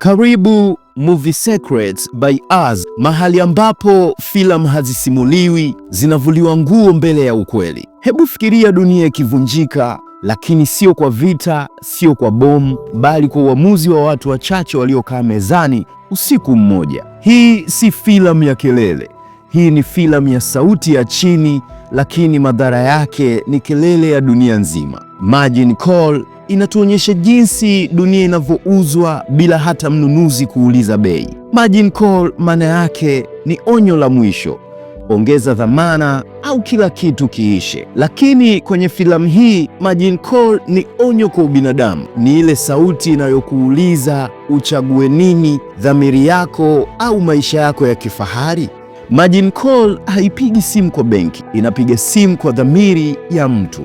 Karibu Movie Secrets by Us, mahali ambapo filamu hazisimuliwi, zinavuliwa nguo mbele ya ukweli. Hebu fikiria dunia ikivunjika, lakini sio kwa vita, sio kwa bomu, bali kwa uamuzi wa watu wachache waliokaa mezani usiku mmoja. Hii si filamu ya kelele. Hii ni filamu ya sauti ya chini, lakini madhara yake ni kelele ya dunia nzima. Margin call inatuonyesha jinsi dunia inavyouzwa bila hata mnunuzi kuuliza bei. Margin call maana yake ni onyo la mwisho, ongeza dhamana au kila kitu kiishe. Lakini kwenye filamu hii margin call ni onyo kwa ubinadamu, ni ile sauti inayokuuliza uchague nini, dhamiri yako au maisha yako ya kifahari. Margin call haipigi simu kwa benki, inapiga simu kwa dhamiri ya mtu.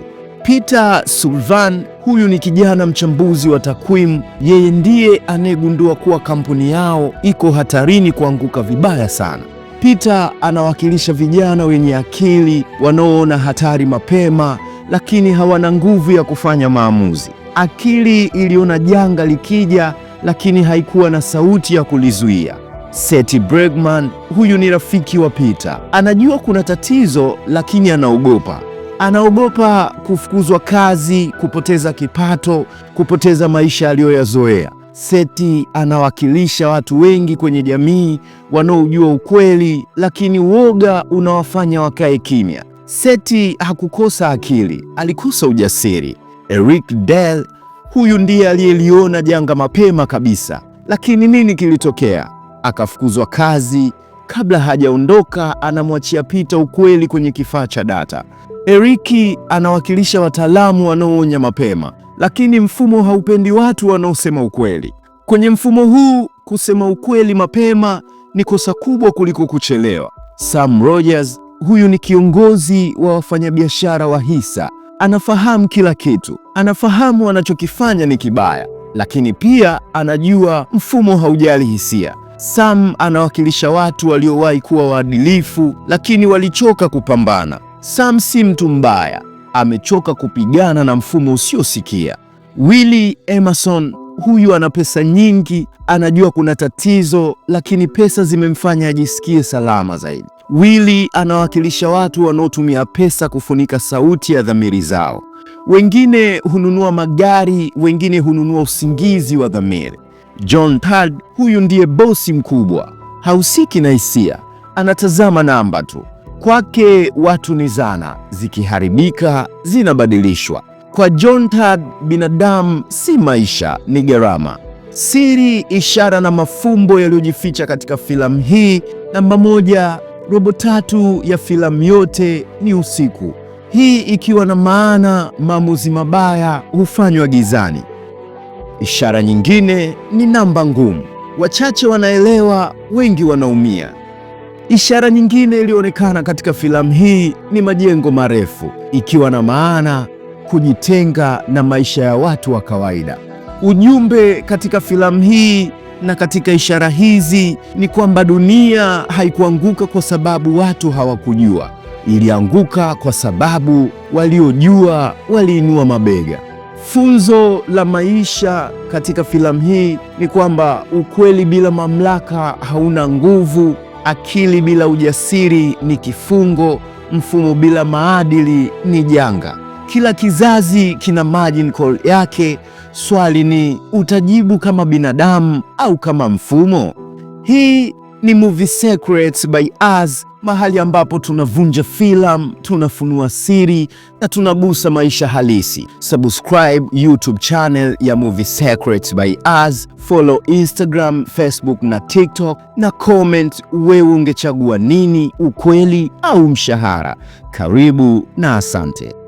Peter Sullivan huyu ni kijana mchambuzi wa takwimu, yeye ndiye anayegundua kuwa kampuni yao iko hatarini kuanguka vibaya sana. Peter anawakilisha vijana wenye akili wanaoona hatari mapema, lakini hawana nguvu ya kufanya maamuzi. Akili iliona janga likija, lakini haikuwa na sauti ya kulizuia. Seth Bregman huyu ni rafiki wa Peter, anajua kuna tatizo, lakini anaogopa anaogopa kufukuzwa kazi, kupoteza kipato, kupoteza maisha aliyoyazoea. Seti anawakilisha watu wengi kwenye jamii wanaojua ukweli, lakini uoga unawafanya wakae kimya. Seti hakukosa akili, alikosa ujasiri. Eric Del huyu ndiye aliyeliona janga mapema kabisa, lakini nini kilitokea? Akafukuzwa kazi. Kabla hajaondoka, anamwachia Pita ukweli kwenye kifaa cha data. Eriki anawakilisha wataalamu wanaoonya mapema, lakini mfumo haupendi watu wanaosema ukweli. Kwenye mfumo huu, kusema ukweli mapema ni kosa kubwa kuliko kuchelewa. Sam Rogers, huyu ni kiongozi wa wafanyabiashara wa hisa, anafahamu kila kitu. Anafahamu anachokifanya ni kibaya, lakini pia anajua mfumo haujali hisia. Sam anawakilisha watu waliowahi kuwa waadilifu, lakini walichoka kupambana. Sam si mtu mbaya, amechoka kupigana na mfumo usiosikia. Willie Emerson huyu ana pesa nyingi, anajua kuna tatizo, lakini pesa zimemfanya ajisikie salama zaidi. Willie anawakilisha watu wanaotumia pesa kufunika sauti ya dhamiri zao. Wengine hununua magari, wengine hununua usingizi wa dhamiri. John Tad, huyu ndiye bosi mkubwa, hahusiki na hisia, anatazama namba tu. Kwake watu ni zana, zikiharibika zinabadilishwa. Kwa Jontad, binadamu si maisha, ni gharama. Siri, ishara na mafumbo yaliyojificha katika filamu hii. Namba moja, robo tatu ya filamu yote ni usiku, hii ikiwa na maana maamuzi mabaya hufanywa gizani. Ishara nyingine ni namba ngumu. Wachache wanaelewa, wengi wanaumia. Ishara nyingine iliyoonekana katika filamu hii ni majengo marefu, ikiwa na maana kujitenga na maisha ya watu wa kawaida. Ujumbe katika filamu hii na katika ishara hizi ni kwamba dunia haikuanguka kwa sababu watu hawakujua, ilianguka kwa sababu waliojua waliinua mabega. Funzo la maisha katika filamu hii ni kwamba ukweli bila mamlaka hauna nguvu Akili bila ujasiri ni kifungo, mfumo bila maadili ni janga. Kila kizazi kina margin call yake. Swali ni utajibu kama binadamu au kama mfumo? Hii ni Movie Secrets by Us, mahali ambapo tunavunja filamu, tunafunua siri na tunagusa maisha halisi. Subscribe YouTube channel ya Movie Secrets by Us, follow Instagram, Facebook na TikTok na comment wewe ungechagua nini, ukweli au mshahara. Karibu na asante.